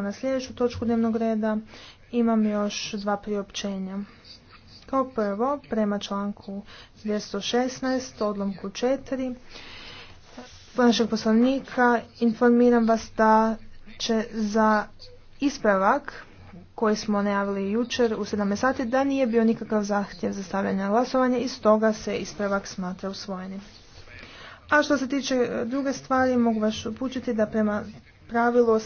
na sljedeću točku dnevnog reda imam još dva priopćenja. Kao prvo, prema članku 216, odlomku 4, našeg poslovnika informiram vas da će za ispravak koji smo najavili jučer u 7. sati da nije bio nikakav zahtjev za stavljanje na glasovanje i stoga se ispravak smatra usvojenim. A što se tiče druge stvari, mogu vas upućiti da prema pravilu